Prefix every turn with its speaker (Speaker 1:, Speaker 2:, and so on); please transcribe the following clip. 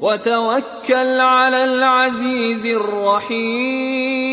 Speaker 1: وتوكل على العزيز الرحيم